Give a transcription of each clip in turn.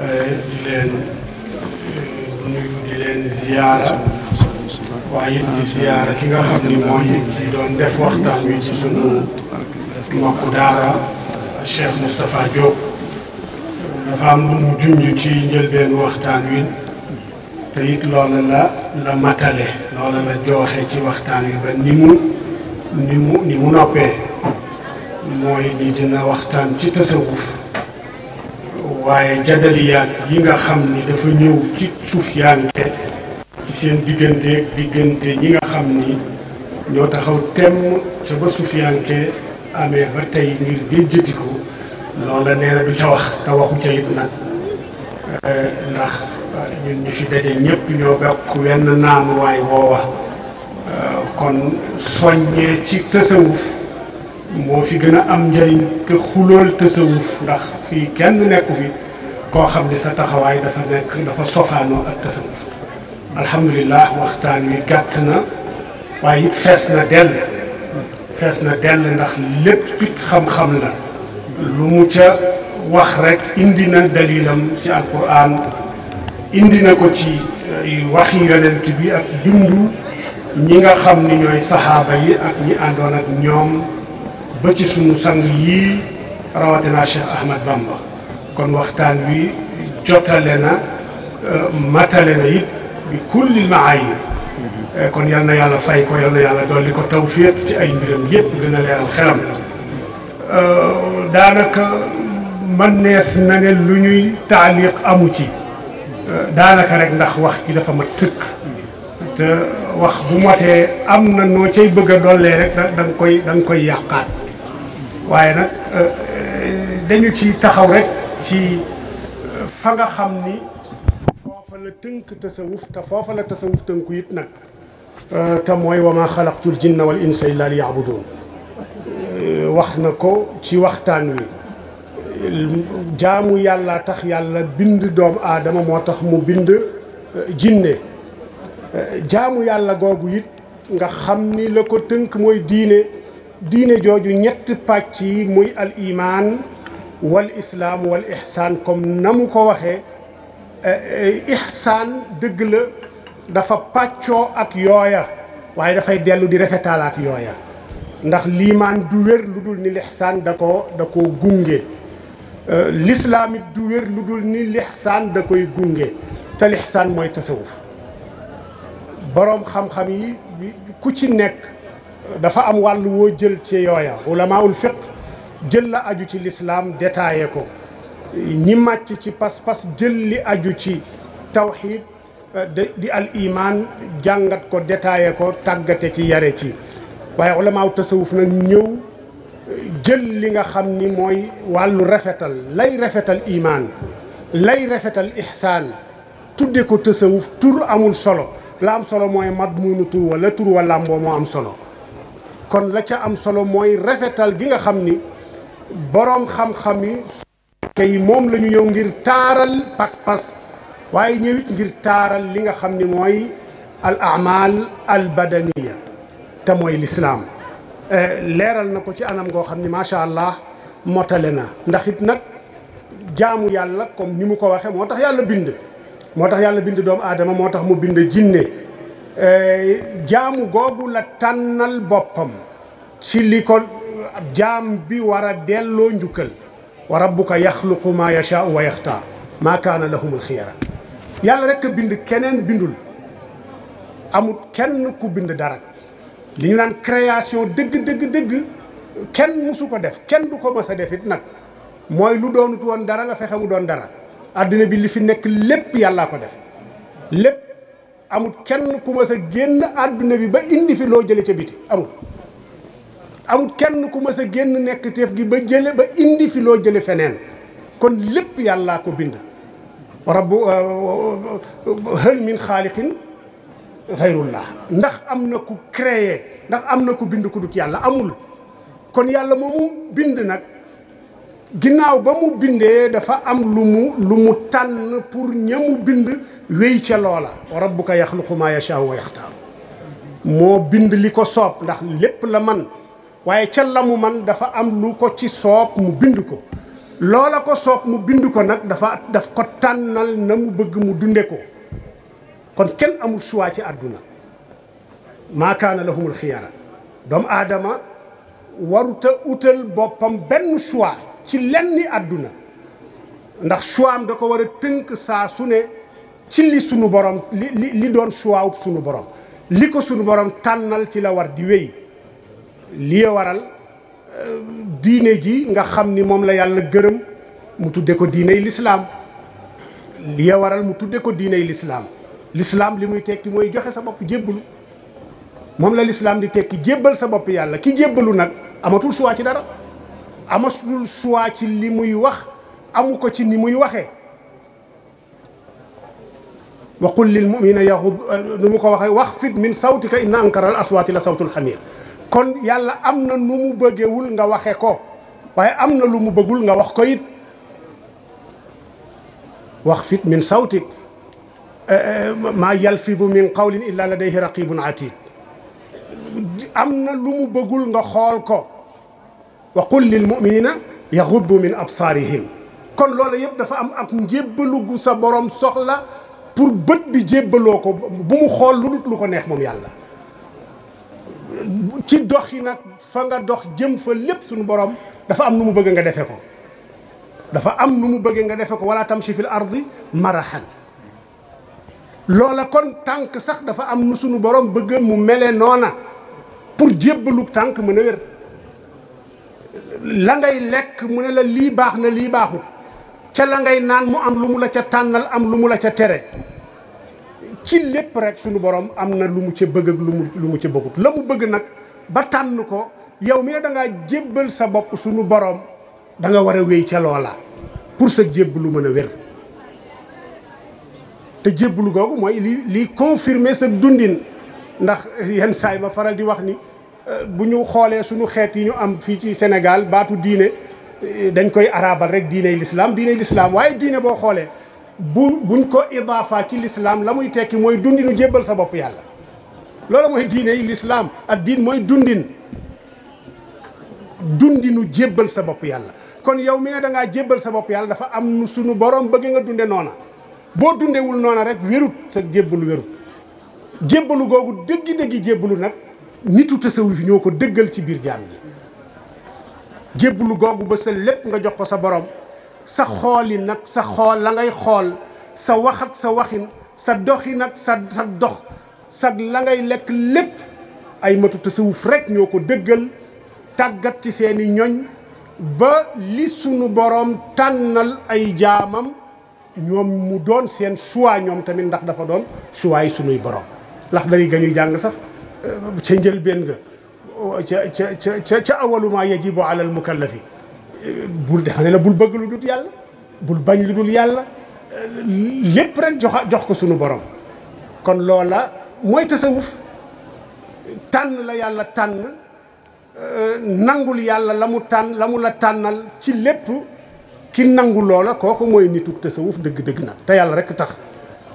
di leen nuyu di leen ziyaara waaye it di ziyaara ki nga xam ni moo ñu ci doon def waxtaan wi ci sunu mbokku daara Cheikh Moustapha Diop dafa am lu mu junj ci njëlbeen waxtaan wi te it loola la la matale loola la jooxe ci waxtaan wi ba ni mu ni mu ni mu noppee mooy ni dina waxtaan ci tasawuf waaye jadaliyaat yi nga xam ni dafa ñëw ci suuf yaante ci seen digganteeg diggante ñi nga xam ni ñoo taxaw temm ca ba sufiyanke amee ba tey ngir déjjati ko loola nee na du ca wax te waxu ca it nag eh, ndax eh, ñun ñu fi daje ñëpp ñoo bokk wenn naanuwaay woowa eh, kon soññee ci tasawuf moo fi gën a am njëriñ te xulool tasawuf ndax fii kenn nekku fi koo xam ni sa taxawaay dafa nekk dafa sofaanoo ak tasawuf alhamdulilah waxtaan wi gàtt na waaye it fees na dell fees na dell ndax lépp it xam-xam la lu mu ca wax rek indi na dalilam ci alquran indi na ko ci waxi yonent bi ak dundu ñi nga xam ni ñooy saxaaba yi ak ñi àndoon ak ñoom ba ci suñu sang yii rawatina Cheikh Ahmad Bamba kon waxtaan wi jotale na euh, matale na it bi kulli maayir euh, kon yal na yàlla fay ko yal na yàlla li ko tawfiq ci ay mbiram yëpp gën a leeral xelam euh, daanaka man nees na ne lu ñuy taaliq amu ci daanaka rek ndax wax ci dafa mat sëkk te wax bu motee am na noo cay bëgg a dollee rek da koy da koy yàqaat waaye nag euh, dañu ci taxaw rek ci euh, fa nga xam ni foofa la tënk tasawuf te foofa la tasawuf tënku it nag euh, te mooy wa ma xalaqtul jinna wal insa illa li wax na ko ci waxtaan wi jaamu yàlla tax yàlla bind doomu aadama moo tax mu bind jinne jaamu yàlla googu it nga xam ni la ko tënk mooy diine diine jooju ñett pàcc yi muy al iman wal islaam wal ihsaan comme na mu ko waxee eh, eh, ihsaan dëgg la dafa pàccoo ak yooya waaye dafay dellu di rafetalaat yooya ndax liimaan du wér lu dul ni lixsaan da koo da koo gunge eh, lislaam it du wér lu dul ni lixsaan da koy gunge te lixsaan mooy tasawuf boroom xam-xam yi ku ci nekk dafa am wàll woo jël ci yooya ulamaul fiq jël la aju ci lislaam détaillé ko ñi màcc ci pas-pas jël li aju ci tawxid euh, di al iman jàngat ko détaillé ko tàggate ci yare ci waaye ulamaaw tasawuf nag ñëw euh, jël li nga xam ni mooy wàllu rafetal lay rafetal imaan lay rafetal ihsaan tudde ko tasawuf tur amul solo la am solo mooy madmunu tur wala tur wala mboo moo am solo kon la ca am solo mooy rafetal gi nga xam ni boroom xam-xam yi tey moom la ñu ñëw ngir taaral pas-pas waaye ñëwit ngir taaral li nga xam ni mooy al amal al badaniya te mooy lislaam eh, leeral na ko ci anam goo xam ni macha allah motale na ndax it nag jaamu yàlla comme ni mu ko waxee moo tax yàlla bind moo tax yàlla bind doomu aadama moo tax mu bind jinne Eh, jaamu googu la tànnal boppam ci li ko jaam bi war delloo njukkal wa rabbuka yaxluqu maa yashaau wa yaxtaar maa kaana lahum alxiyara yàlla rek a bind keneen bindul amut kenn ku bind dara li ñu naan création dëgg dëgg dëgg kenn musu ko def kenn du ko mës a def nag mooy lu doonut woon dara nga fexemu mu doon dara àddina bi li fi nekk lépp yàllaa ko def lépp amul kenn ku ma sa génn àdduna bi ba indi fi loo jële ca biti amul amul kenn ku ma sa génn nekk teef gi ba jële ba indi fi loo jële feneen kon lépp yàllaa ko bind rabbu hël euh, euh, min xaaliqin xayrullah ndax am na ku créé ndax am na ku bind ku dut yàlla amul kon yàlla moomu bind nag ginnaaw ba mu bindee dafa am lu mu lu mu tànn pour ña bind wéy ca loola wa rabbuka yaxluqu maa yashaau wa yaxtaaru moo bind li ko soob ndax lépp la man waaye ca lamu man dafa am lu ko ci soob mu bind ko loola ko soob mu bind ko nag dafa daf ko tànnal na mu bëgg mu dunde ko kon kenn amul choix ci àdduna maa kaana lahumul xiyaara doomu aadama waruta utal boppam benn choix ci lenni àdduna ndax choix am da ko war a tënk saa su ne ci li sunu borom li li li doon choix sunu borom li ko sunu borom tànnal ci la war di wéy li waral euh, diine ji nga xam ni moom la yàlla gërëm mu tudde ko diiney lislaam li waral mu tudde ko diiney lislaam lislaam li muy tekki mooy joxe sa bopp jébbalu moom la lislaam di tekki jébbal sa bopp yàlla ki jébbalu nag amatul suwaa ci dara amatul choix ci li muy wax amu ko ci ni muy waxee wa qul lil muminina yaxud nu mu ko waxee wax fit min sawtika inna ankara al aswaati la sawtul xamir kon yàlla am na nu mu bëggewul nga waxe ko waaye am na lu mu bëggul nga wax ko it wax fit min sawtik eh, eh, maa yalfidu min qawlin illa ladayhi raqibun atid am na lu mu bëggul nga xool ko wa qul lil muminina yaxuddu min absaarihim kon loolu yëpp dafa am ab njébbalu gu sa borom soxla pour bët bi jébbaloo ko bu mu xool lu dut lu ko neex moom yàlla ci dox yi nag fa dox jëm fa lépp suñu borom dafa am nu mu bëgg nga defe ko dafa am nu mu bëgg nga defe ko wala tamshi fil ardi marahan loola kon tànk sax dafa am nu suñu borom bëgg mu mele noona pour jébbalu tànk mën a wér la ngay lekk mu ne la lii baax na lii baaxut ca la ngay naan mu am lu mu la ca tànnal am lu mu la ca tere ci lépp rek sunu borom am na lu mu ca bëgg ak lu mu lu mu ca bëggut la mu bëgg nag ba tànn ko yow mi ne da ngaa jébbal sa bopp sunu boroom danga war a wéy ca loola pour sa lu mën a wér te jébbalu googu mooy li li confirmer sa dundin ndax yenn saay ma faral di wax ni bu ñu xoolee suñu xeet yi ñu am fii ci senegal baatu diine dañ koy arabal rek diiney lislaam diiney lislaam waaye diine boo xoolee bu buñ ko idaafa ci lislaam la muy tekki mooy dundinu jébbal sa bopp yàlla loolu mooy diine yi lislaam ak diin mooy dundin dundinu jébbal sa bopp yàlla kon yow mi ne dangaa jébbal sa bopp yàlla dafa am nu suñu borom bëgg nga dunde noona boo dundewul noona rek wérut sa jébbalu wérut jébbalu googu dëggi-dëggi jébbalu nag nitu tasawuf ñoo ko dëggal ci biir jaam yi jébbalu googu ba sa lépp nga jox ko sa borom sa xooli nag sa xool la ngay xool sa wax ak sa waxin sa doxi nag sa dox sa la ngay lekk lépp ay matu tasawuf rek ñoo ko dëggal tàggat ci seeni ñoñ ba li sunu borom tànnal ay jaamam ñoom mu doon seen choix ñoom tamit ndax dafa doon choix yi sunuy borom ndax dañuy gañuy jàng sax ca njëlbéen nga ca ca ca ca awaluma yajibu ala al mukallafi bul defe ne la bul bëgg lu dul yàlla bul bañ lu dul yàlla lépp rek jox jox ko sunu borom kon loola mooy tasawuf tànn la yàlla tànn nangul yàlla la mu tànn la mu la tànnal ci lépp ki nangu loola kooku mooy nitug tasawuf dëgg-dëgg nag te yàlla rekk tax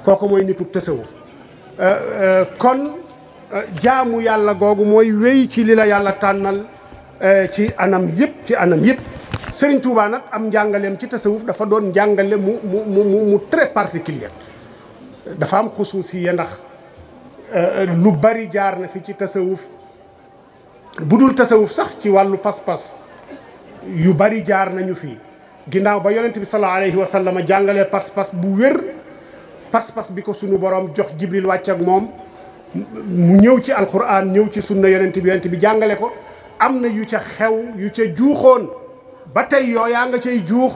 kooku mooy nitug tasawuf kon jaamu yàlla googu mooy wéy ci li la yàlla tànnal eh, ci anam yëpp ci anam yëpp sëriñ Touba nag am njàngaleem ci tasawuf dafa doon njàngale mu mu mu mu très dafa am xusuusi ya ndax eh, lu bari jaar na fi ci tasawuf bu dul tasawuf sax ci wàllu pas-pas yu bari jaar nañu fii ginnaaw ba yonent bi sallallahu alayhi wa sallam jàngalee pas-pas bu wér pas-pas bi ko sunu borom jox Jibril wàcc ak moom mu ñëw ci alquran ñëw ci sunna yonent bi yonent bi jàngale ko am na yu ca xew yu ca juuxoon ba tey yoo yaa nga cay juux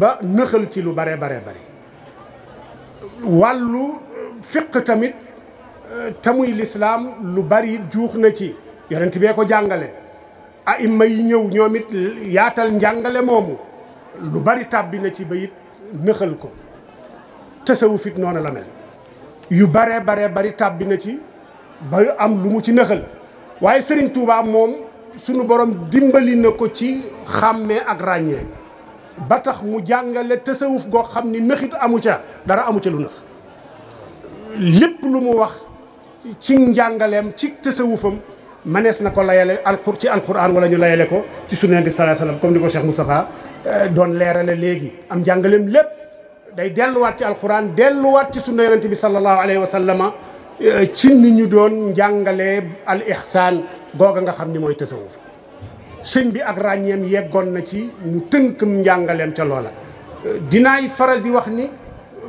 ba nëxal ci lu bare bare bare wàllu uh, fiq tamit uh, tamuy lislaam lu bari juux na ci yonent bee ko jàngale aima yi ñëw ñoom it yaatal njàngale moomu lu bari tàbbi na ci ba it nëxal ko tasawuf fit noonu la mel yu baree baree bari tàbbi na ci ba am lu mu ci nëxal waaye sëriñ Touba moom sunu borom dimbali na ko ci xàmmee ak ràññee ba tax mu jàngale tasawuf goo xam ni nëxit amu ca dara amu ca lu nëx lépp lu mu wax ci njàngaleem ci tasawufam manees na ko layale alqur ci alquran wala ñu layale ko ci sunnati sallallahu alayhi wasallam comme ni ko Cheikh Moustapha euh, doon leerale léegi am njàngaleem lépp day delluwaat ci alquran delluwaat ci sunna yonente bi sallallahu alayhi wa sallama eh, ci ni ñu doon njàngale al ihsaan googa nga xam ni mooy tasawuf suñ bi ak ràññeem yeggoon na ci mu tënkam njàngaleem ca loola eh, dinaay faral di wax ni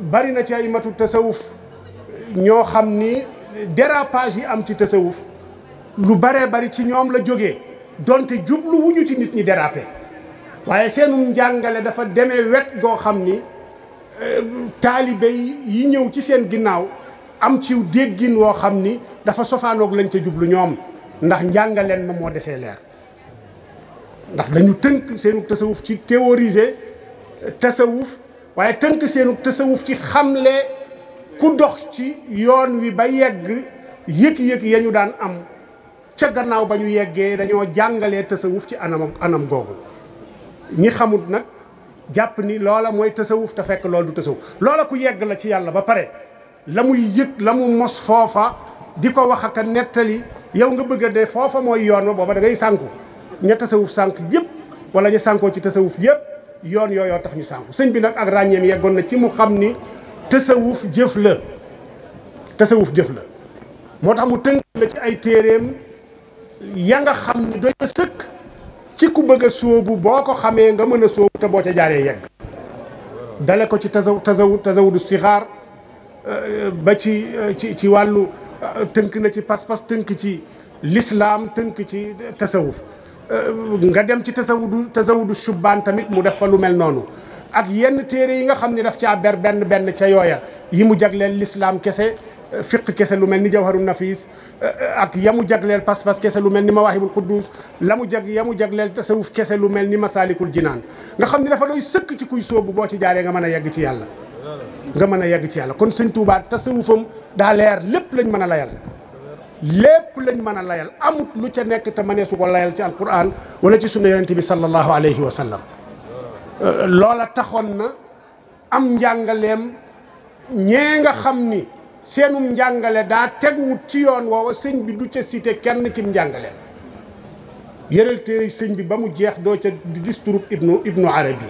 bari na ci ay matu tasawuf eh, ñoo xam ni dérapage yi am ci tasawuf lu baree bari ci ñoom la jógee donte jubluwuñu ci nit ñi dérapé waaye seenum njàngale dafa demee wet goo xam ni taalibe yi ñëw ci seen ginnaaw am ci déggin woo xam ni dafa sofaanoog lañ ca jublu ñoom ndax njàngaleen ma moo desee leer ndax dañu tënk seenu tasawuf ci théoriser tasawuf waaye tënk seenu tasawuf ci xamle ku dox ci yoon wi ba yegg yëg-yëg yañu daan am ca gannaaw ba ñu yeggee dañoo jàngalee tasawuf ci anam anam googu ñi xamut nag jàpp ni loola mooy tasawuf te fekk loolu du tasawuf loola ku yegg la ci yàlla ba pare la muy yëg la mu mos foofa di ko wax ak nettali yow nga bëgg a dee foofa mooy yoon wa booba da ngay sànku ña tasawuf sànk yëpp wala ñu sankoo ci tasawuf yëpp yoon yooyoo tax ñu sànku sëñ bi nag ak ràññeem yeggoon na ci mu xam ni tasawuf jëf la tasawuf jëf la moo tax mu tënk la ci ay téeréem ya nga xam ni doy sëkk ci ku bëgg a sóobu boo ko xamee nga mën a sóobu te boo ca jaaree yegg dale ko ci tasaw tasaw tasawudu sixaar euh, ba ci euh, ci ci wàllu euh, tënk na ci pas-pas tënk ci lislaam tënk ci tasawuf nga dem ci tasawudu tasawudu subbaan tamit mu def fa lu mel noonu ak yenn téere yi nga xam ne daf caa ber benn benn ca yooya yi mu jagleel lislaam kese fiq kese lu mel ni jawharu nafis eh, ak yamu jagleel pas-pas kese lu mel ni mawaahibul quddus la mu jag yamu jagleel tasawuf kese lu mel ni masalikul jinaan nga xam ni dafa doy sëkk ci kuy sóobu boo ci jaaree nga mën a yegg ci yàlla nga mën a yegg ci yàlla kon sëñ Tuubaa tasawufam daa leer lépp lañ mën a layal lépp lañ mën a layal amut lu ca nekk te mënee su ko layal ci alquran wala ci sunna yonent bi sallallahu alayhi wa eh, loola taxoon seenum njàngale daa teguwut ci yoon woowa sëñ bi du ca site kenn cim njàngale yëral téere sëñ bi ba mu jeex doo ca gis turu ibnu ibnu arabi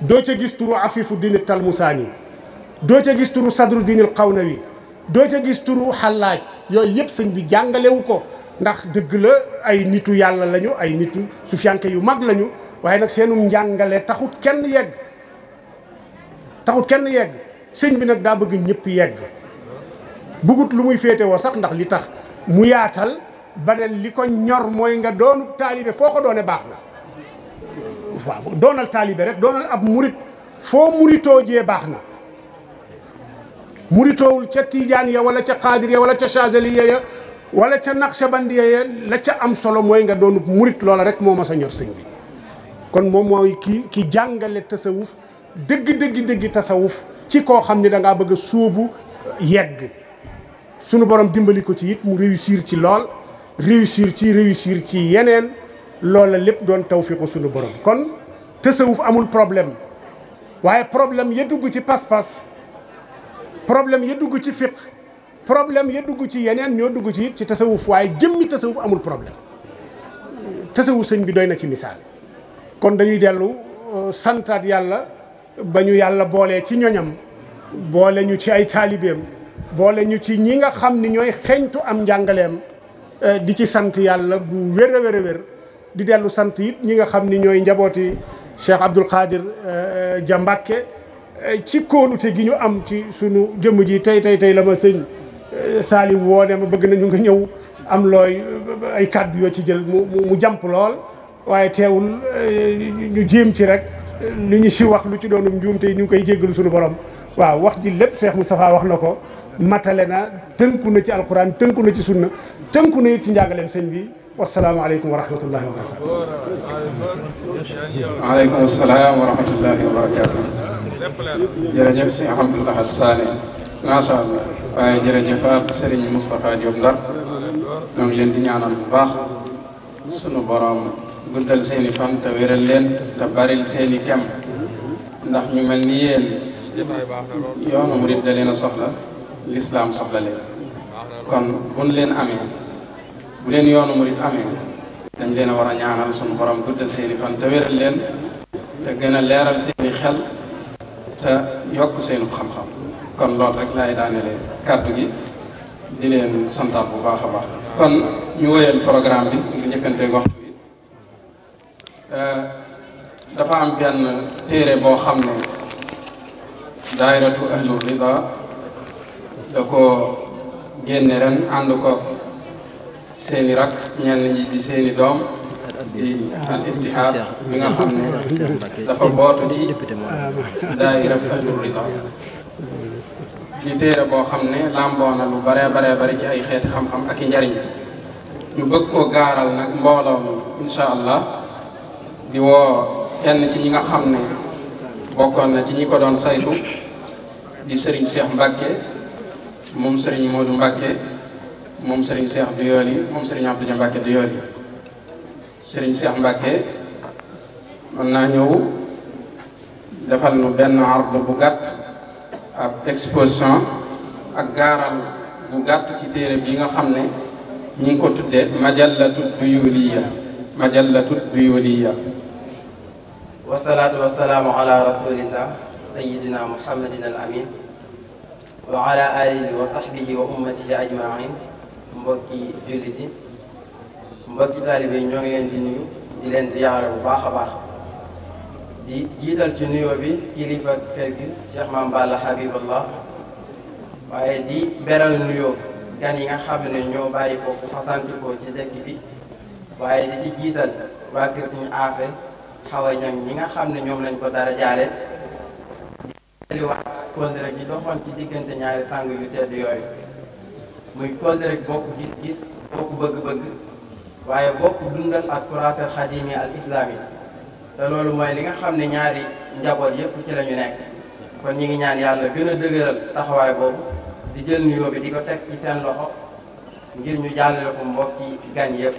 doo ca gis turu afifu dini talmusaani doo ca gis turu sadru dinil wi doo ca gis turu xalaaj yooyu yëpp sëñ bi jàngalewu ko ndax dëgg la ay nitu yàlla lañu ay nitu sufiyanke yu mag lañu waaye nag seenum njàngale taxut kenn yegg taxut kenn yegg sëñ bi nag daa bëgg ñëpp yegg bëggut lu muy féete woo sax ndax li tax mu yaatal ba li ko ñor mooy nga doonu taalibe foo ko doone baax na waaw doonal taalibe rek doonal ab murit foo muritoo jee baax na muritoowul ca tiijaan ya wala ca xaadir ya wala ca chazeliya ya wala ca naqshabandiya ya la ca am solo mooy nga doonu murit loola rek moo ma sa ñor sëñ bi kon moom mooy ki ki jàngale tasawuf dëgg dëgg dëgg tasawuf ci koo xam ni da ngaa bëgg suubu sóobu yegg sunu borom dimbali ko ci it mu réussir ci lool réussir ci réussir ci yeneen loola lépp doon tew tawfiqu sunu borom kon tasawuf amul problème waaye problème ya dugg ci pas-pas problème ya dugg ci fiq problème ya dugg ci yeneen ñoo dugg ci it ci tasawuf waaye jëmmi tasawuf amul problème tasawuf sëñ bi doy na ci misaal kon dañuy dellu euh, santaat yàlla ba ñu yàlla boolee ci ñoñam boole ñu ci ay taalibeem boole ñu ci ñi nga xam ni ñooy xeñtu am njàngaleem eh, di ci sant yàlla bu wér a wér di dellu sant it ñi nga xam ni ñooy njabooti Cheikh Abdoul Khadir eh, Dia Mbacké eh, ci kóolute gi ñu am ci sunu jëmm ji tey tey tey la ma sëñ saali woone ma bëgg nañu nga ñëw am looy ay kàddu yoo ci jël mu mu jàmp lool waaye teewul ñu jéem ci rek lu ñu si wax lu ci doonum njuum te ñu ngi koy jéggalu suñu borom waaw wax ji lépp Cheikh Moustapha wax na ko matale na tënku na ci alquran tënku na ci sunna tënku na ci njàngaleem sëñ bi wasalaamaaleykum wa rahmatullahi wa barakatu waaleykum salaam wa rahmatullahi si alhamdulilah al saali macha allah waaye jërëjëf ak Serigne Moustapha Diop Ndar ñoo ngi leen di ñaanal bu baax sunu borom guddal seeni fan te wéral leen te baril seeni kem ndax ñu mel ni yéen yoonu murid da leen a soxla lislaam soxla leen kon buñ leen amee bu leen yoonu murid amee dañ leen a war a ñaanal suñu borom guddal seeni fan te wéral leen te gën a leeral seeni xel te yokk seeni xam-xam kon lool rek laay daaneele kàddu gi di leen santaat bu baax a baax kon ñu wéyal programme bi nga njëkkante waxtu Euh, dafa am genn téere boo xam ne daayiratu ahlur rida da ko génne ren ànd ko seeni rak ñenn ñi di seeni doom di al istihaab bi nga xam ne dafa bootu ci daayiratu ahlur rida ñu téere boo xam ne làmboo na lu bare bare bare ci ay xeeti xam-xam ak i njariñ ñu bëgg ko gaaral nag mbooloo mi incha allah di woo kenn ci ñi nga xam ne bokkoon na ci ñi ko doon saytu di sëriñ Cheikh Mbacke moom sëriñ Modou Mbacke moom sëriñ Cheikh Doyoly moom sëriñ Abdou Dia Mbacke Doyoly sëriñ Cheikh Mbacke mën naa ñëw defal nu benn arbre bu gàtt ak exposition ak gaaral bu gàtt ci téere bi nga xam ne ñi ngi ko tuddee majallatu duyuliya majallatu duyuliya wasalaatu wasalaamu ala rasulillah sayidina muhammadin al amin wa ala alihi wa sahbihi wa ummatihi ajmain mbokki jullit yi mbokki taalibe ñoo ngi leen di nuyu di leen ziyaara bu baax a baax di jiital ci nuyoo bi kilifa kër gi Cheikh Maam Balla Habiballah waaye di beral nuyoo gan yi nga xam ne ñoo bàyyi ko fu fasantikoo ci dëkk bi waaye di ci jiital waa kër suñu aafe xawa ñam ñi nga xam ne ñoom lañ ko dara jaale di wax kóllëre gi doxoon ci diggante ñaari sang yu tedd yooyu muy kóllëre bokk gis-gis bokk bëgg-bëgg waaye bokk dundal ak kuraatal xadimi al islaami te loolu mooy li nga xam ne ñaari njaboot yépp ci la ñu nekk kon ñi ngi ñaan yàlla gën a dëgëral taxawaay boobu di jël nuyoo bi di ko teg ci seen loxo ngir ñu jàllale ko mbokki gan yépp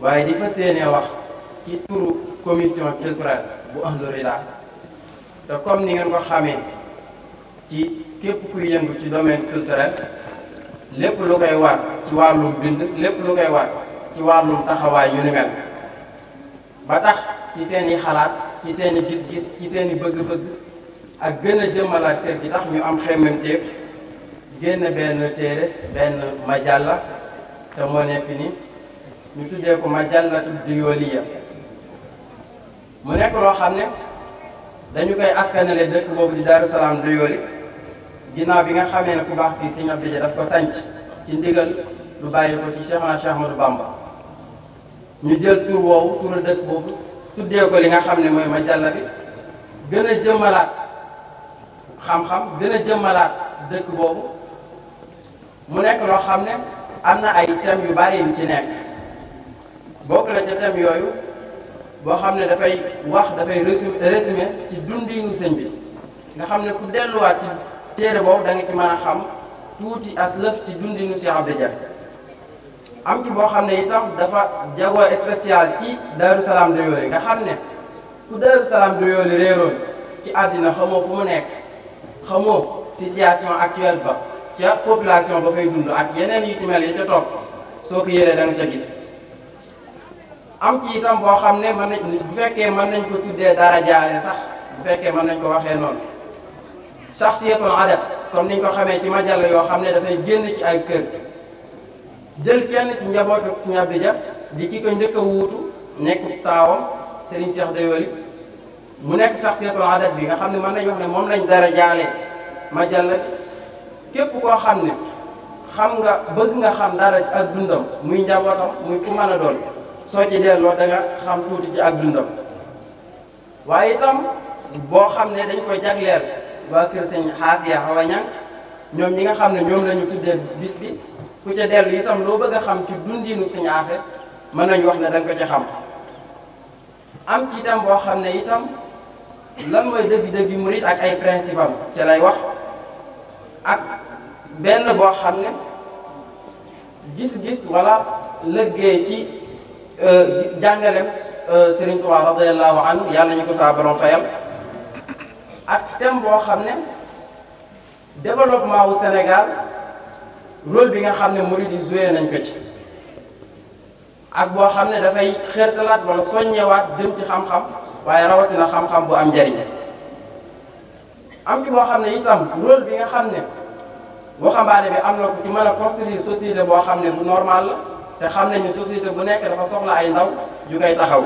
waaye di fas yéenee wax ci turu commission culturelle bu Ahlou Rida te comme ni ngeen ko xamee ci képp kuy yëngu ci domaine culturel lépp lu koy war ci wàllum bind lépp lu koy war ci wàllum taxawaay yu ni mel ba tax ci seeni xalaat ci seeni gis-gis ci seeni bëgg-bëgg ak gën a jëmmalaat kër gi tax ñu am xemmemteef génn benn téere benn majalla te moo nekk ni ñu tuddee ko majallatu diyooliya mu nekk loo xam ne dañu koy askanale dëkk boobu di Daaru Salaam Doyooli ginnaaw bi nga xamee ne ku baax kii Sëñ Abdou Dia daf ko sanc ci ndigal lu bàyyi ko ci Cheikh Ahmadou Bamba ñu jël tur woowu turu dëkk boobu tuddee ko li nga xam ne mooy ma jàlla bi gën a jëmmalaat xam-xam gën a jëmmalaat dëkk boobu mu nekk loo xam ne am na ay thèmes yu bari yu ci nekk bokk la ca thèmes yooyu boo xam ne dafay wax dafay résumé ci dundinu sëñ bi nga xam ne ku delluwaat ci téere boobu da nga ci mën a xam tuuti as lëf ci dundinu Cheikh Abdou Diagne am ci boo xam ne itam dafa jagoo spécial ci Daaru Salaam Doyooli nga xam ne ku Daaru Salaam Doyooli réeroon ci àddina xamoo fu mu nekk xamoo situation actuelle ba ca population ba fay dund ak yeneen yu ci mel yi ca topp soo ko yéree da nga ca gis am ci itam boo xam ne man mën nañ bu fekkee mën nañ ko tuddee dara jaale sax bu fekkee mën nañ ko waxee noonu sax saxsiyatul adat comme niñ ko xamee ci majalla yoo xam ne dafay génn ci ay kër jël kenn ci njabootu Sëriñ Abdou Dia di ki ko njëkk a wuutu nekk taawam Serigne Cheikh Dayoli mu nekk saxsiyatul adat bi nga xam ne man nañu wax ne moom lañ dara jaale majalla képp koo xam ne xam nga bëgg nga xam dara ci ak dundam muy njabootam muy ku mën a doon soo ci delloo da nga xam tuuti ci ak dundam waaye itam boo xam ne dañ koy jagleel waa kër sëñ xaafiya awa ñang ñoom ñi nga xam ne ñoom lañu tuddee bis bi ku ca dellu itam loo bëgg a xam ci dundiinu sëñ aafe mën nañu wax ne da nga ko ci xam am ci itam boo xam ne itam lan mooy dëgg mu murit ak ay principe am lay wax ak benn boo xam ne gis-gis wala lëggee ci Euh, jàngaleem euh, Serigne Touba radiyallahu anhu yàlla nañu ko saa borom ak thème boo xam ne développement wu Sénégal rôle bi nga xam ne murid yi nañ ko ci ak boo xam ne dafay xeertalaat wala soññewaat jëm ci xam-xam waaye rawatina xam-xam bu am njariñ am ci boo xam ne itam rôle bi nga xam ne waxambaane bi am na ko ci mën a construire société boo xam ne normal la te xam nañu société bu nekk dafa soxla ay ndaw yu koy taxaw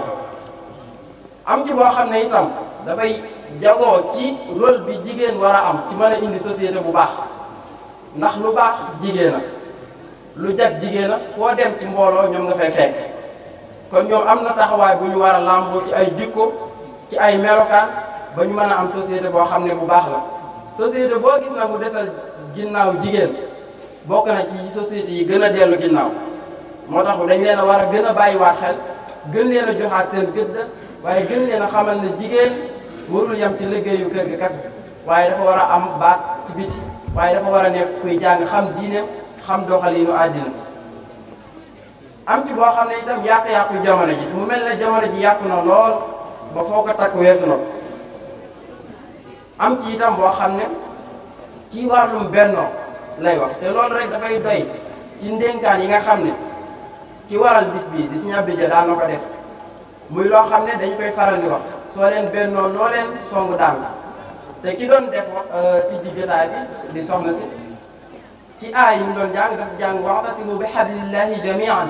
am ci boo xam ne itam dafay jagoo ci rôle bi jigéen war a am ci mën a indi société bu baax ndax lu baax jigéen a lu jag jigéen a foo dem ci mbooloo ñoom nga fay fekk kon ñoom am na taxawaay bu ñu war a làmboo ci ay jikko ci ay melokaan ba ñu mën a am société boo xam ne bu baax la société boo gis na mu desal ginnaaw jigéen bokk na ci société yi gën a dellu ginnaaw moo tax dañ leen a war a gën a bàyyi waat xel gën leen a joxaat seen gëdd waaye gën leen a xamal ne jigéen warul yam ci liggéeyu kër gi kese waaye dafa war a am baat ci biti waaye dafa war a nekk kuy jàng xam diine xam doxaliinu àddina am ci boo xam ne itam yàqu-yàqu jamono ji mu mel ne jamono ji yàqu na lool ba foo ko takk weesu na am ci itam boo xam ne ci wàllum bennoo lay wax te loolu rek dafay doy ci ndénkaan yi nga xam ne ci waral bis bii di Serigne Abdou Dia na ko def muy loo xam ne dañ koy faral di wax soo leen bennoo noo leen songu daan la te ki doon def wax tijji euh, bi di soxna si ci aay yi mu doon jàng daf jàng wa'tasimu bi hablillahi jami'an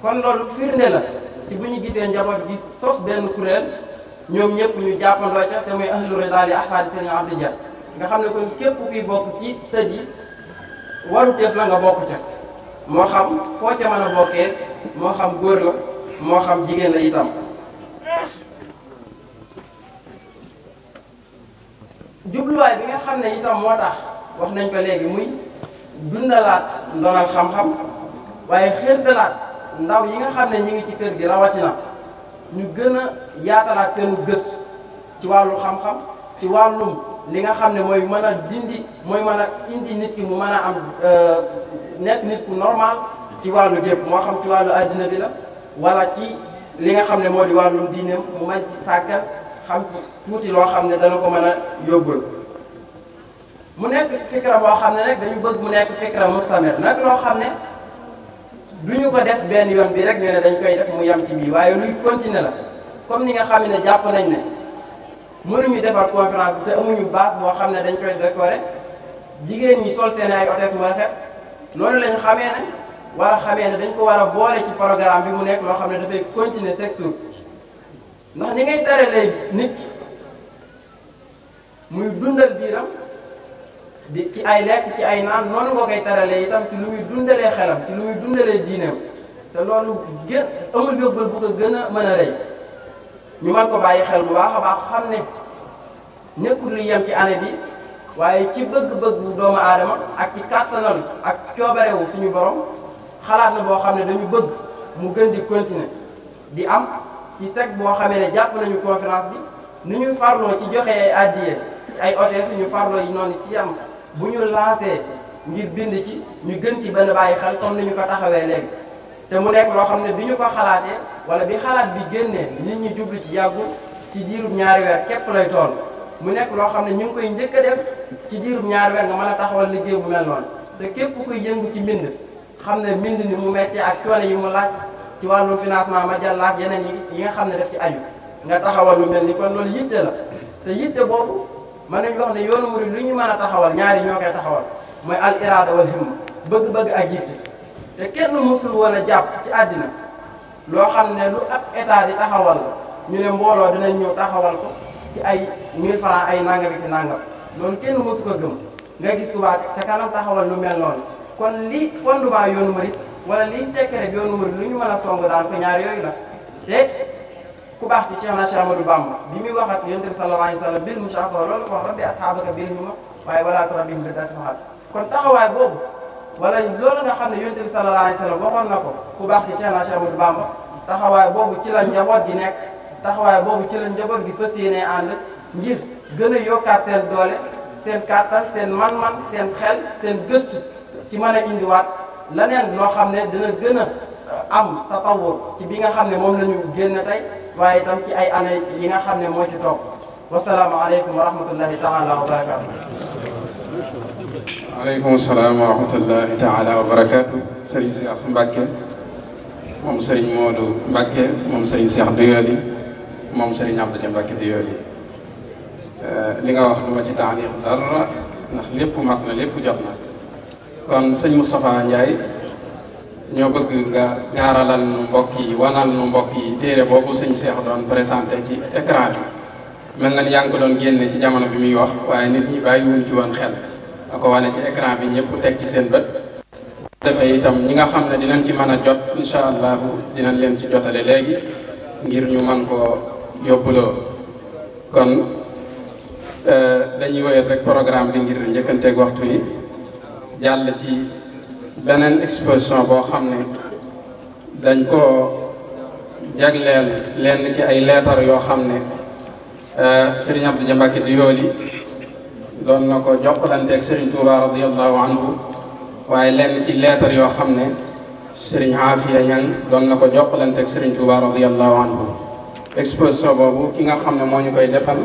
kon loolu firnde la ci bu ñu gisee njaboot bi sos benn kuréel ñoom ñëpp ñu jàppandoo ca te muy ahlu ridaal yi ahfaadi Serigne Abdou nga xam ne kon képp kuy bokk ci sët yi waru def la nga bokk ca moo xam foo ca mën a bokkee moo xam góor la moo xam jigéen la itam jubluwaay bi nga xam ne itam moo tax wax nañ ko léegi muy dundalaat ndonal xam-xam waaye xeertalaat ndaw yi nga xam ne ñu ngi ci kër gi rawatina ñu gën a yaatalaat seen gës ci wàllu xam-xam ci wàllum li nga xam ne mooy mën a dindi mooy mën a indi nit ki mu mën a am euh, nekk nit ku normal ci wàllu gépp moo xam ci wàllu àddina bi la wala ci li nga xam ne moo di wàllum diine mu mën ci sàggal xam tuuti loo xam ne dana ko mën a yóbbul mu nekk fikra boo xam ne nag dañu bëgg mu nekk fikra mustamir nag loo xam ne lu ñu ko def benn yoon bi rek ñu ne dañ koy def mu yam ci bii waaye luy continuer la comme ni nga xam ne jàpp nañ ne mënuñu defar conférence bi te amuñu base boo xam ne dañ koy décorer jigéen ñi sol seen ay hôtesse mu rafet noonu lañ xamee nag war xamee ne dañ ko war a boole ci programme bi mu nekk loo xam ne dafay continuer chaque jour ndax ni ngay teralee nit muy dundal biiram di ci ay lekk ci ay naan noonu nga koy teralee itam ci lu muy dundalee xelam ci lu muy dundalee diineem te loolu gën amul yóbbal bu ko gën a mën a rey ñu mën ko bàyyi xel bu baax a baax xam ne nekkul lu yem ci année bi waaye ci bëgg-bëggu doomu aadama ak ci kàttanam ak coobarewu suñu borom xalaat na boo xam ne dañu bëgg mu gën di continuer di am ci sec boo xamee ne jàpp nañu conférence bi ni ñuy farloo ci joxe ay addiye ay ote suñu farloo yi noonu ci am bu ñu lancé ngir bind ci ñu gën ci benn bàyyi xel comme ni ñu ko taxawee léegi te mu nekk loo xam ne bi ñu ko xalaatee wala bi xalaat bi génnee nit ñi jublu ci yàggul ci diirub ñaari weer képp lay toll mu nekk loo xam ne ñu ngi koy njëkk a def ci diirum ñaar weer nga mën a taxawal liggéey bu mel noonu te képp kuy yëngu ci mbind xam ne mbind ni mu metti ak coono yi mu laaj ci wàllum financement ma jàll ak yeneen yi nga xam ne daf ci aju nga taxawal lu mel ni kon loolu yitte la te yitte boobu mën nañu wax ne yoonu murid lu ñu mën a taxawal ñaari ñoo koy taxawal mooy al irada wal bëgg-bëgg ak yitte te kenn musul woon a jàpp ci àddina loo xam ne lu ab état di taxawal ñu ne mbooloo dinañ ñëw taxawal ko ci ay 1000 francs ay nangam ci nangam loolu kenn mosu ko gëm nga gis Touba ca lu mel kon li fondement yoonu murit wala bi yoonu murit lu ñu mën a ku baax bi muy wax ak yonent wax rabbi asxaabaka bil bi tasmahat kon taxawaay boobu wala loolu nga xam ne yonent bi sallallahu alayhi wa sallam waxoon na ko ku baax ci Cheikh na Cheikh Amadou Bamba taxawaay boobu ci la njaboot gi nekk waaye boobu ci la njaboot gi fas yéene ànd ngir gën a yokkaat seen doole seen kàttan seen man-man seen xel seen gëstu ci mën a indiwaat leneen loo xam ne dina gën euh, am tatawur ci bi nga xam ne moom lañu génn tey waaye itam ci ay année yi nga xam ne mooy ci topp aleykum wa rahmatullahi taala wa barakaatu. waaleykum salaam wa rahmatullahi taala wa barakaatu Serigne Cheikh Mbacke moom Serigne Modou Mbacke moom Serigne Cheikh Doyoly. moom Serigne Abdou Dia Mbacke di yooyu euh, li nga wax nu ma ci taaliix dara ndax lépp mag na lépp jot na kon sëñ Moustapha Ndiaye ñoo bëgg nga gaaralal nu mbokk yi wanal nu mbokk yi téere boobu sëñ seex doon présenté ci écran bi mel na yaa ngi ko doon génne ci jamono bi muy wax waaye nit ñi bàyyiwuñ ci woon xel da ko wane ci écran bi ñëpp teg ci seen bët dafay itam ñi nga xam ne dinañ ci mën a jot incha allahu dinañ leen ci jotale léegi ngir ñu man ko yóbbuloo kon euh, dañuy woyal rek programme bi ngir njëkkanteeg waxtu yi jàll ci beneen exposition boo xam ne dañ ko jagleel lenn ci ay leetar yoo xam ne euh, Serigne Abdou Dia Mbacké Doyoly doon na ko jokkalanteeg Serigne Touba radiyallahu anhu waaye lenn ci leetar yoo xam ne Serigne Afia Niang doon na ko jokkalanteeg Serigne Touba radiyallahu anhu exposition boobu ki nga xam ne moo ñu koy defal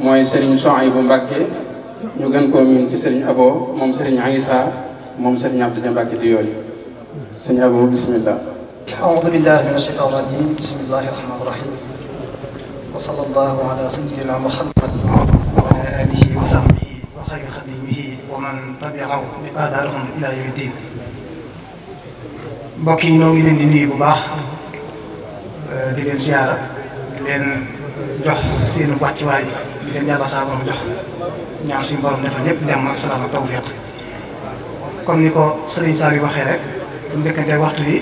mooy Serigne Souhaïbou Mbacké ñu gën koo miin ci Serigne Abo moom Serigne Aïssa moom Serigne Abdou Dia Mbacké di yooyu Serigne Abo bismillah aoudu billahi min ashaytan rajim bismillahi rahmani rahim wa sallallahu ala sayyidina muhammad wa ala alihi wa sahbihi wa xayri xadimihi wa man tabiahum bi adarhum ila yawmi din mbokk yi ñoo ngi leen di nuyu bu baax di leen ziara leen jox seen wàccuwaay di leen yàlla saa borom jox ñaan suñu borom defal ñëpp jàmm ak salaam ak tawfiq comme ni ko sëriñ saa bi waxee rek bu njëkkantee waxtu bi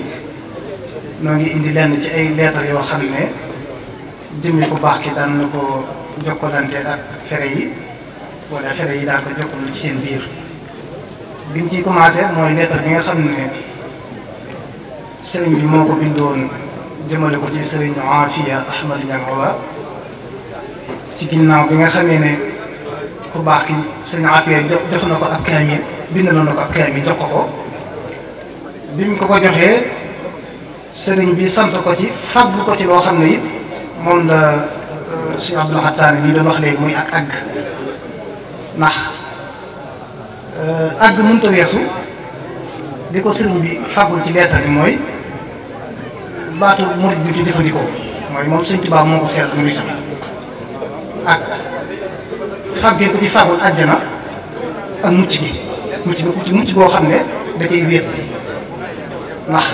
noo ngi indi lenn ci ay leetar yoo xam ne jëmmi ko baax ki daan na ko jokkalante ak fere yi wala fere yi daan ko jokkal ci seen biir biñ ciy commencé mooy leetar bi nga xam ne sëriñ bi moo ko bindoon jëmale ko ci sëriñ Afia Ahmad Niang ci ginnaaw bi nga xamee ne ku baax ki sëriñ Afia jox na ko ak kaamil bindaloon na ko ak kaamil jox ko ko biñ ko ko joxee sëriñ bi sant ko ci fàggu ko ci loo xam ne moom la euh, sëriñ Abdou Lahad Sane lii doon wax léegi muy ak àgg ndax euh, àgg mënut a weesu ko sëriñ bi fàggul ci leetar bi mooy. baatu murid bi di jëfandikoo mooy moom Sëñ Tuubaa moo ko seeral ak muritam ak fàggee ko ci fàggul ak mucc gi mucc gi xam ne da cay wéet ndax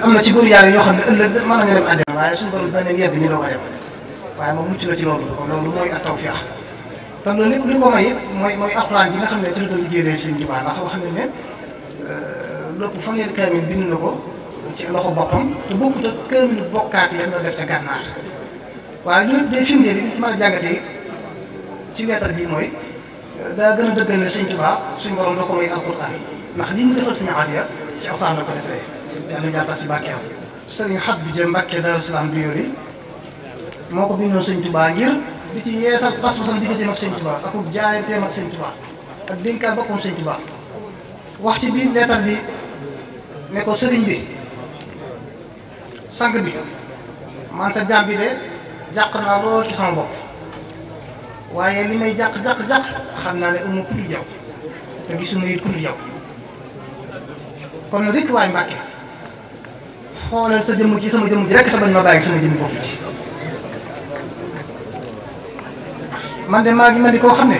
am na ci góor yàlla yoo xam ne ëllëg mën nañu dem àjjana waaye suñu borom da leen yedd ni doo ko dem waaye moom mucc la ci loolu kon loolu mooy ak tawfeex te loolu lépp li ko may mooy mooy alxuraan ji nga xam ne ci la doon liggéeyee Sëñ Tuubaa ndax wax nañ ne euh, lépp fanweeri kaamil bind na ko. ci loxo boppam te bokkut ak kaamilu bokkaat yan doon def ca gànnaar waaye loolu day firndeel li ci mën a jàngatee ci weetal bi mooy euh, daa gën a dëggal ne Sëñ Tuubaa suñ borom da ko roy alquran ndax li mu defal suñu aadiya ci alquran la ko defee yàlla na jàppal si bàkkeem sëriñ xat bi jëm Mbàkke Daaru Salaam bi yóri moo ko bindoon Sëñ Tuubaa ngir di ci yeesal pas-pasam digganteem ak Sëñ Tuubaa ak jaayanteem ak ak dénkaat boppam Sëñ Tuubaa wax ci biir leetal bi ne ko sànq bi man sa jàmm bi de jàq naa lool ci sama bopp waaye li may jàq jàq jàq xam naa ne amul ku dul yow te gisuma it ku dul yow kon nag rek Mbàkke xoolal sa jëmm ci sama jëmm ji rek te bañ ma bàyyi sama jëmm bopp ci man de maa ngi mel ni koo xam ne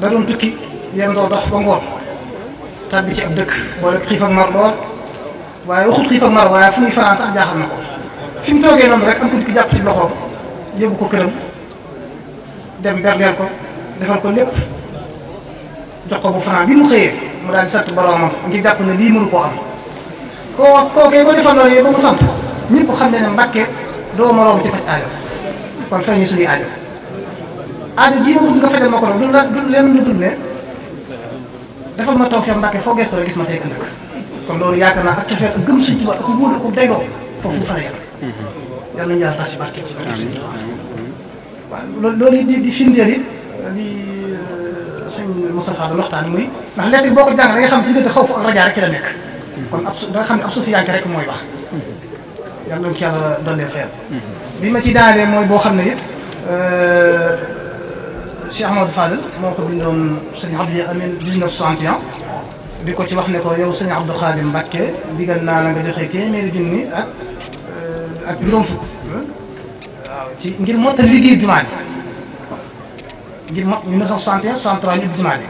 da doon tukki yéen doo dox ba ngoon tàbbi ci ab dëkk boole xiif ak mar lool. waaye waxut xiif ak mar waaye fu muy faraan sax jaaxal na ko fi mu toogee noonu rek am ko nit ki jàpp ci loxoom yóbbu ko këram dem berndeel ko defal ko lépp jox ko bu fanaan bi mu xëyee mu daal di sant boromam ngir jàpp na lii mënu koo am koo kookee ko defal loolu yëpp ba mu sant ñëpp xam ne ne mbàkkee doo moroom ci faj aajo kon fay ñu suñuy aajo aajo jii ma bëgg nga fajal ma ko doon du la du leen lu defal ma toog fii mbàkkee foo gëstu rek kon loolu yaakaar naa ak cofeel ak gëm sëñ Tuubaa ak wóolu ak dayloo foofu fa la yem yàlla nañu yàlla tas si barke ci barke sëñ Tuubaa waaw loolu di di firndeel it euh, li euh, sëñ Moustapha doon waxtaan muy ndax lettre boo ko jàng da nga xam ci diggante xaw fa ak rajo rek ci la nekk kon ab su da nga xam ne ab suufi yànke rek mooy wax yàlla nañu ci yàlla dollee fayal bi ma ci daanee mooy boo xam ne it euh, Cheikh Amadou Fadel moo ko bindoon sëñ Abdou Amin 1961 di ko ci wax ne ko yow sëñ Abdou Khadir Mbacke digal naa la nga joxe téeméeri junni ak euh, ak juróom ngir mottal liggéey jumaa ji ngir mot 1961 63 ñu jumaa ji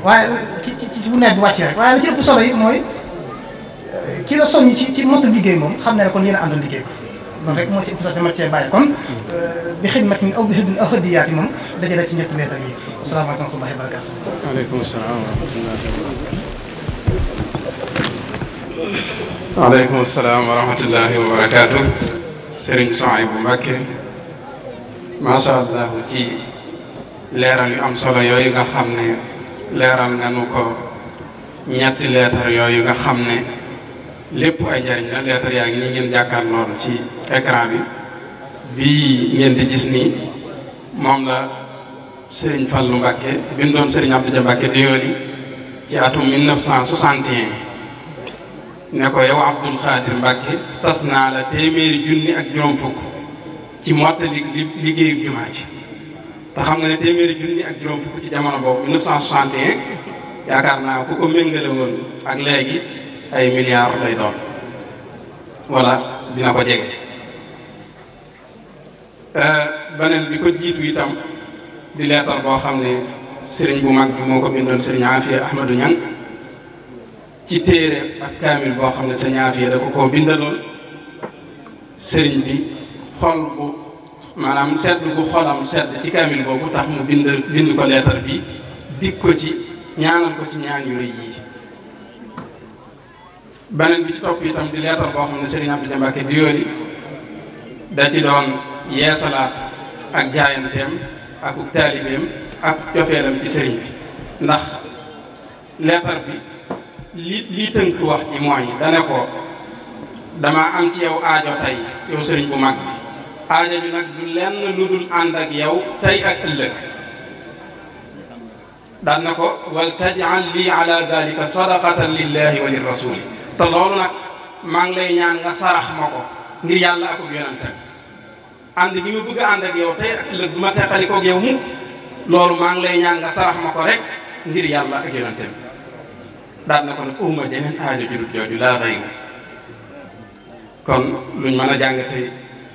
waaye ci ci ci bu nawet bi wàccee rek waaye la ci ëpp mooy euh, ki la soññi ci ci mottal liggéey moom xam ne kon yéen a àndoon liggéey ko kon rek moo ci ëpp solo ma cee bàyyi euh, bi xidmatin aw bi xidmatin aw hadiyaati moom dajale ci ñetti leetar yi asalaamaaleykum wa rahmatullahi wa barakaatu. waaleykum salaam wa rahmatullahi wa barakaatu. waaleykum salaam wa rahmatullahi wa barakaatu sëriñ Sohay bu Mbàkke macha allah ci leeral yu am solo yooyu nga xam ne leeral nga nu ko ñetti leetar yooyu nga xam ne lépp ay njariñ la leetar yaa ngi ni ngeen jàkkaar lool ci écran bi bii ngeen di gis ni moom la sëriñ Fallou Mbàkke bi mu doon sëriñ Abdou Dia Mbàkke di yooni ci atum ne ko yow Abdul Xaadir Mbàkke sas naa la téeméeri junni ak juróom fukk ci mottali liggéey jumaa ji te xam nga ne téeméeri junni ak juróom fukk ci jamono boobu yaakaar naa ku ko méngale ak léegi ay milliards lay doon wala dina ko jege euh, beneen bi ko jiitu itam di leetar boo xam ne sëriñ bu mag bi moo ko bindoon sëriñ Afia Ahmadou Niang ci téere ak kaamil boo xam ne sa ñaaf yi da ko koo bindaloon sëriñ bi xol bu maanaam sedd bu xolam sedd ci kaamil boobu tax mu bind bind ko leetar bi di ko ci ñaanal ko ci ñaan yu rëy yi beneen bi ci topp itam di leetar boo xam ne sëriñ Abdou bi di da ci doon yeesalaat ak jaayanteem ak taalibeem ak cofeelam ci sëriñ bi ndax leetar bi li li tënk wax ji mooy ne ko dama am ci yow aajo tey yow sëriñ bu mag bi aajo bi nag du lenn lu dul ànd ak yow tey ak ëllëg daan na ko wal tajal lii ala dalika sadaqatan lillahi wa lirasuli te loolu nag maa ngi lay ñaan nga saax ma ko ngir yàlla akub yonentam ànd gi ma bëgg a ànd ak yow tey ak ëllëg du ma teqali koog yow mukk loolu maa ngi lay ñaan nga saax ma ko rek ngir yàlla ak yonentam daal na ko nag jeneen aajo ju dul jooju laa rëy kon luñ mën a jàngate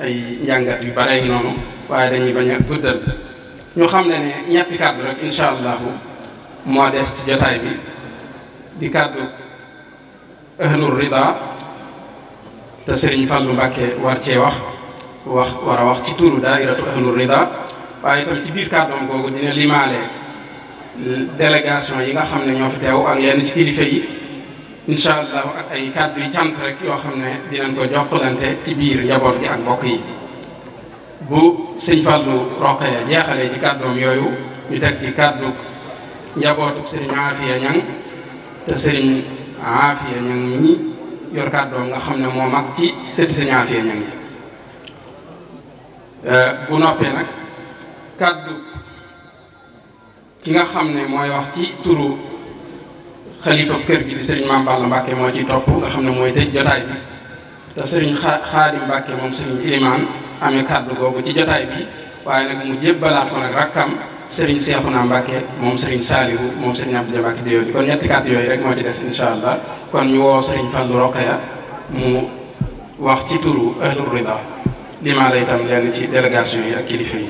ay njàngat yu bare noonu waaye dañuy bañ a guddal ñu xam ne ni ñetti kàddu rek incha allahu moo des ci jotaay bi di kàddu ahlul rida te Serigne Fallou Mbacké war cee wax wax war a wax ci tuuru daairatu ahlul rida waaye itam ci biir kàddoom googu dina limaale délégation yi nga xam ne ñoo fi teew ak leen ci kilifa yi incha allah ak ay kàddu yu cant rek yoo xam ne dinañ ko jokkalante ci biir njaboot bi ak mbokk yi bu sëñ Fallou Roqaya jeexalee ci kàddoom yooyu ñu teg ci kàddu njabootu sëriñ Aafiya Ñang te sëriñ Aafiya Ñang ñi yor kàddoom nga xam ne moom mag ci sëti sëriñ Aafiya Ñang yi eh, bu noppee nag kàddu ki nga xam ne mooy wax ci turu xalifa kër gi di Serigne Mame Balla moo ci topp nga xam ne mooy tëj jotaay bi te Serigne Xaadim Mbacke moom Serigne Ilimaan amee kàddu googu ci jotaay bi waaye nag mu jébbalaat ko nag rakkam Serigne Cheikhouna Mbacke moom Serigne Saliou moom Serigne Abdou Mbacke di yooyu kon ñetti kàddu yooyu rek moo ci des incha allah kon ñu woo Serigne Fallou Rokhaya mu wax ci turu Ahlul Rida limaa lay tam lenn ci délégation yi ak kilifa yi.